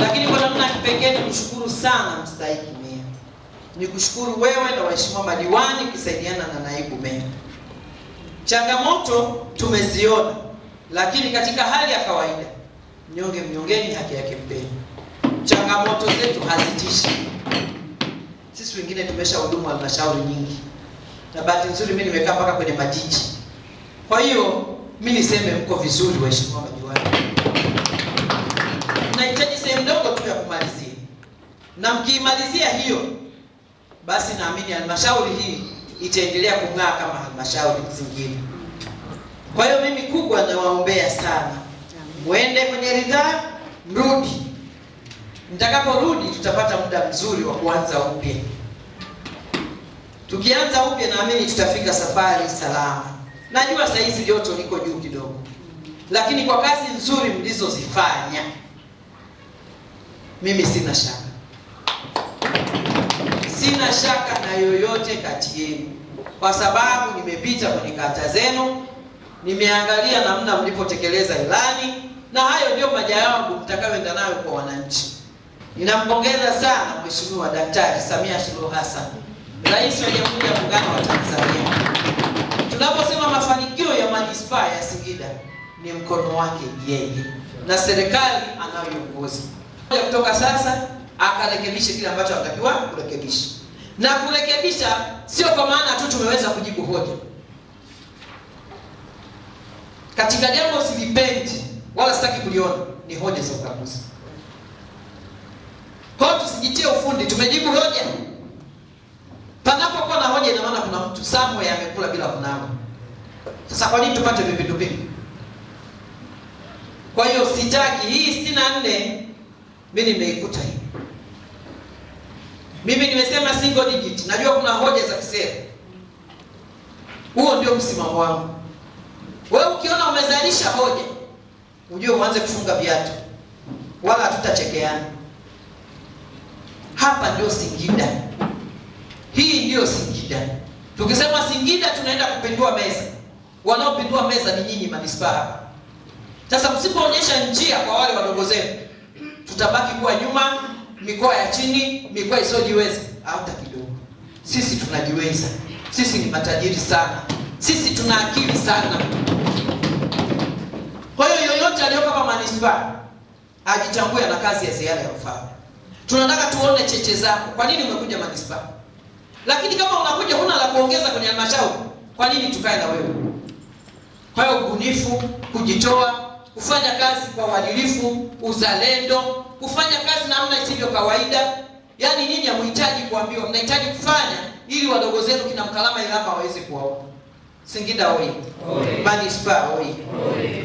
Lakini kwa namna kipekee nimshukuru sana mstahiki meya, nikushukuru wewe na waheshimiwa madiwani kusaidiana na naibu meya. Changamoto tumeziona, lakini katika hali ya kawaida, mnyonge mnyongeni haki yake mpeni. Changamoto zetu hazitishi sisi, wengine tumesha hudumu halmashauri nyingi, na bahati nzuri mimi nimekaa mpaka kwenye majiji. Kwa hiyo mimi niseme mko vizuri, waheshimiwa madiwani kumalizia, na mkiimalizia hiyo, basi naamini halmashauri hii itaendelea kung'aa kama halmashauri zingine. Kwa hiyo mimi kubwa nawaombea sana, mwende kwenye ridhaa, mrudi. Mtakaporudi tutapata muda mzuri wa kuanza upya. Tukianza upya, naamini tutafika safari salama. Najua saa hizi joto liko juu kidogo, lakini kwa kazi nzuri mlizozifanya mimi sina shaka, sina shaka na yoyote kati yenu, kwa sababu nimepita kwenye kata zenu, nimeangalia namna mlipotekeleza ilani, na hayo ndio maja yangu mtakayoenda nayo kwa wananchi. Ninampongeza sana Mheshimiwa Daktari Samia Suluhu Hassan, Rais wa Jamhuri ya Muungano wa Tanzania. Tunaposema mafanikio ya manispaa ya Singida ni mkono wake yeye na serikali anayoongoza ya kutoka sasa akarekebishe kile ambacho anatakiwa kurekebisha. Na kurekebisha sio kwa maana tu tumeweza kujibu hoja. Katika jambo silipendi wala sitaki kuliona ni hoja za ukaguzi. Kwa tusijitie ufundi, tumejibu hoja. Panapokuwa na hoja, ina maana kuna mtu somewhere amekula bila kunawa. Sasa kwa nini tupate vipindupindu? Kwa hiyo sitaki hii sitini na nne mimi nimeikuta hii. Mimi nimesema single digit, najua kuna hoja za kusema. Huo ndio msimamo wangu. Wewe ukiona umezalisha hoja, ujue uanze kufunga viatu, wala hatutachekeana hapa. Ndio Singida, hii ndiyo Singida. Tukisema Singida tunaenda kupindua meza. Wanaopindua meza ni nyinyi manispaa hapa. Sasa msipoonyesha njia kwa wale wadogo zenu tutabaki kuwa nyuma, mikoa ya chini, mikoa isiyojiweza hata kidogo. Sisi tunajiweza, sisi ni matajiri sana, sisi tuna akili sana. Kwa hiyo yoyote aliyoko kwa manispaa ajitambue na kazi ya ziara ya mfano. Tunataka tuone cheche zako, kwa nini umekuja manispaa? Lakini kama unakuja huna la kuongeza kwenye halmashauri, kwa nini tukae na wewe? Kwa hiyo ubunifu, kujitoa kufanya kazi kwa uadilifu, uzalendo, kufanya kazi namna isivyo kawaida. Yaani nyinyi hamhitaji kuambiwa, mnahitaji kufanya ili wadogo zenu kina Mkalama Ilamba waweze kuwaona. Singida oye! Manispaa oye!